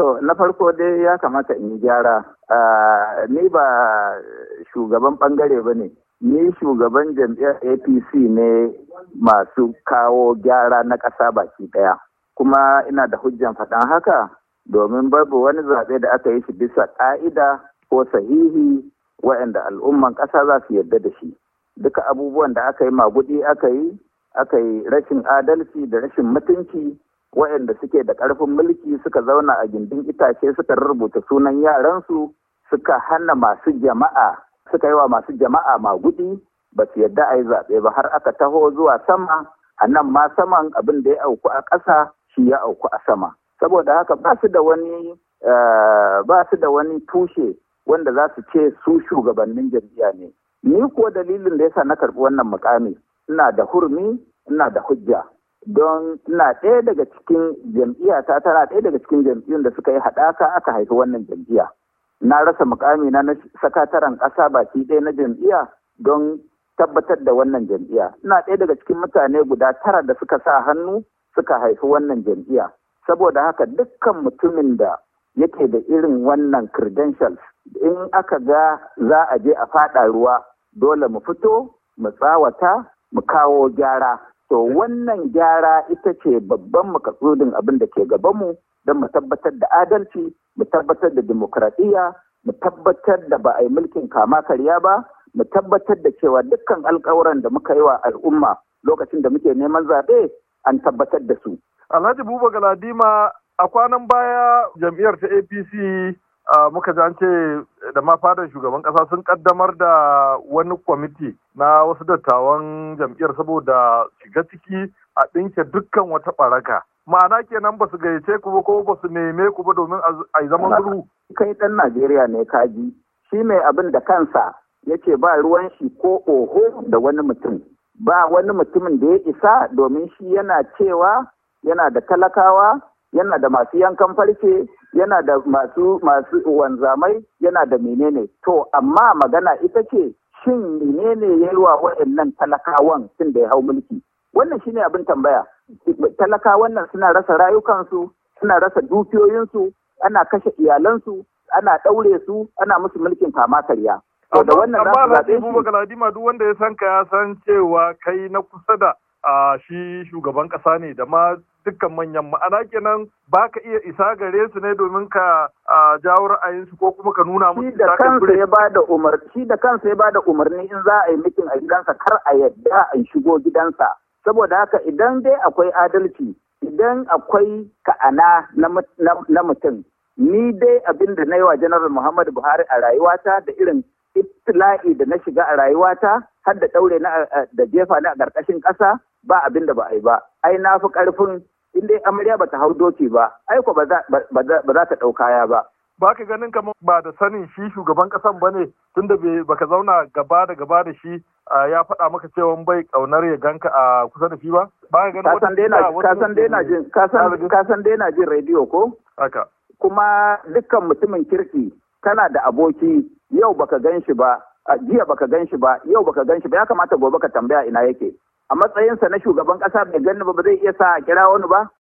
To, na farko dai ya kamata in yi gyara. Ni ba shugaban bangare ba ne, ni shugaban jam'iyyar APC ne masu kawo gyara na ƙasa baki ɗaya. Kuma ina da hujjan faɗan haka domin babu wani zaɓe da aka yi shi bisa ƙa'ida ko sahihi waɗanda al'umman ƙasa za su yarda da shi. Duka abubuwan da aka yi maguɗi aka yi, aka yi rashin adalci da rashin mutunci waɗanda suke da ƙarfin mulki suka zauna a gindin itace suka rubuta sunan yaransu suka hana masu jama'a suka yi wa masu jama'a magudi ba su yadda a yi zaɓe ba har aka taho zuwa sama a nan ma saman abin da ya auku a ƙasa shi ya auku a sama saboda haka ba su da wani eh, ba su da wani tushe wanda za su ce su shugabannin jam'iyya ne ni kuwa dalilin da yasa na karɓi wannan mukami ina da hurmi ina da hujja don na ɗaya daga cikin jam'iyya ta tana ɗaya daga cikin jam'iyyun da suka yi haɗaka aka haifi wannan jam'iyya na rasa mukami na sakataren ƙasa baki ɗaya na jam'iyya don tabbatar da wannan jam'iyya na ɗaya daga cikin mutane guda tara da suka sa hannu suka haifi wannan jam'iyya saboda haka dukkan mutumin da yake da irin wannan credentials in aka ga za a je a faɗa ruwa dole mu fito mu tsawata mu kawo gyara To wannan gyara ita ce babban makasudin abin da ke gabanmu don mu tabbatar da adalci, mu tabbatar da demokradiyya, mu tabbatar da ba a yi mulkin kama karya ba, mu tabbatar da cewa dukkan alkawuran da muka yi wa al'umma lokacin da muke neman zaɓe an tabbatar da su. Alhaji Buba Galadima a kwanan baya jam'iyyar ta APC Ah, muka ji ce da ma fadar shugaban kasa sun kaddamar da wani kwamiti na wasu dattawan jam'iyyar saboda shiga ciki a ɗinke dukkan wata baraka ma'ana kenan ba su gayyace ku ba ko ba su neme ku ba domin a zaman sulhu kai ɗan najeriya ne kaji shi mai abin da kansa ya ba ruwan shi ko oho da wani mutum ba wani mutumin da ya isa domin shi yana cewa yana da talakawa yana da masu yankan farce yana da masu masu wanzamai yana da menene to amma magana ita ce shin menene ya yi wa waɗannan talakawan sun da ya hau mulki wannan shine abin tambaya talakawan nan suna rasa rayukansu suna rasa dukiyoyinsu ana kashe iyalansu ana ɗaure su ana musu mulkin kama karya. Amma Rabi Bubakar duk wanda ya san ka ya san cewa kai na kusa da shi shugaban ƙasa ne da ma dukkan manyan ma'ana kenan ba ka iya isa gare su ne domin ka jawo ra'ayinsu ko kuma ka nuna musu da kansa ya bada shi da kansa ya bada umarni in za a yi mikin a gidansa kar a yadda a shigo gidansa saboda haka idan dai akwai adalci idan akwai ka'ana na mutum ni dai abin da na yi wa janar muhammadu buhari a rayuwata da irin itila'i da na shiga a rayuwata har da ɗaure na da jefa na a ƙarƙashin ƙasa ba abin da ba a yi ba ai na fi ƙarfin in dai amarya ba ta hau doki ba ai ko ba za ta ɗau kaya ba ba ka ganin kamar ba da sanin shi shugaban kasan ba ne tunda baka zauna gaba da gaba da shi ya faɗa maka cewa bai ƙaunar ya ganka a kusa da shi ba ba ka ganin kasan daina jin kasan jin rediyo ko haka kuma dukkan mutumin kirki kana da aboki yau baka gan shi ba jiya baka gan shi ba yau baka gan shi ba ya kamata gobe ka tambaya ina yake a matsayinsa na shugaban ƙasa, bai gani ba ba zai iya sa kira wani ba